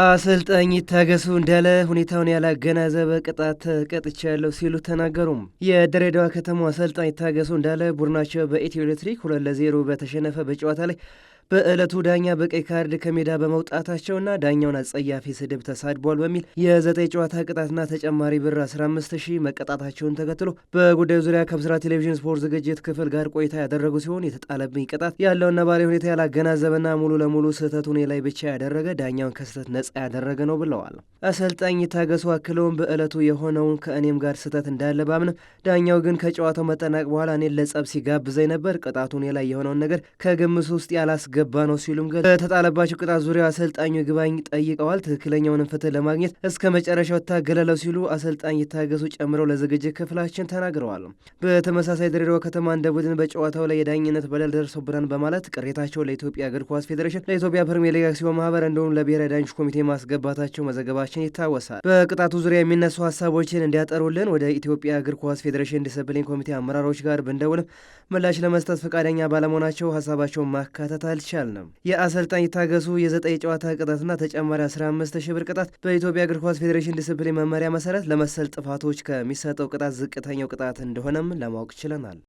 አሰልጣኝ ታገሱ እንዳለ ሁኔታውን ያላገናዘበ ቅጣት ቀጥቻለሁ ሲሉ ተናገሩም። የድሬዳዋ ከተማ አሰልጣኝ ታገሱ እንዳለ ቡድናቸው በኢትዮ ኤሌክትሪክ ሁለት ለዜሮ በተሸነፈ በጨዋታ ላይ በዕለቱ ዳኛ በቀይ ካርድ ከሜዳ በመውጣታቸውና ዳኛውን አጸያፊ ስድብ ተሳድቧል በሚል የዘጠኝ ጨዋታ ቅጣትና ተጨማሪ ብር 15 ሺህ መቀጣታቸውን ተከትሎ በጉዳዩ ዙሪያ ከብስራ ቴሌቪዥን ስፖርት ዝግጅት ክፍል ጋር ቆይታ ያደረጉ ሲሆን የተጣለብኝ ቅጣት ያለውን ነባራዊ ሁኔታ ያላገናዘበና ሙሉ ለሙሉ ስህተት እኔ ላይ ብቻ ያደረገ ዳኛውን ከስህተት ነጻ ያደረገ ነው ብለዋል። አሰልጣኝ ታገሱ አክለውን በዕለቱ የሆነውን ከእኔም ጋር ስህተት እንዳለ ባምንም ዳኛው ግን ከጨዋታው መጠናቅ በኋላ እኔን ለጸብ ሲጋብዘኝ ነበር። ቅጣቱ እኔ ላይ የሆነውን ነገር ከግምት ውስጥ ያላስ ያስገባ ነው ሲሉም ገ በተጣለባቸው ቅጣት ዙሪያ አሰልጣኙ ግባኝ ጠይቀዋል። ትክክለኛውንም ፍትህ ለማግኘት እስከ መጨረሻው እታገላለሁ ሲሉ አሰልጣኝ የታገሱ ጨምረው ለዝግጅት ክፍላችን ተናግረዋል። በተመሳሳይ ድሬዳዋ ከተማ እንደ ቡድን በጨዋታው ላይ የዳኝነት በደል ደርሶብናል በማለት ቅሬታቸው ለኢትዮጵያ እግር ኳስ ፌዴሬሽን፣ ለኢትዮጵያ ፕሪሚየር ሊግ አክሲዮን ማህበር እንዲሁም ለብሔራዊ ዳኞች ኮሚቴ ማስገባታቸው መዘገባችን ይታወሳል። በቅጣቱ ዙሪያ የሚነሱ ሀሳቦችን እንዲያጠሩልን ወደ ኢትዮጵያ እግር ኳስ ፌዴሬሽን ዲስፕሊን ኮሚቴ አመራሮች ጋር ብንደውልም ምላሽ ለመስጠት ፈቃደኛ ባለመሆናቸው ሀሳባቸውን ማካተታል አልቻልንም። የአሰልጣኝ ታገሱ የዘጠኝ ጨዋታ ቅጣትና ተጨማሪ 15 ሺህ ብር ቅጣት በኢትዮጵያ እግር ኳስ ፌዴሬሽን ዲስፕሊን መመሪያ መሰረት ለመሰል ጥፋቶች ከሚሰጠው ቅጣት ዝቅተኛው ቅጣት እንደሆነም ለማወቅ ችለናል።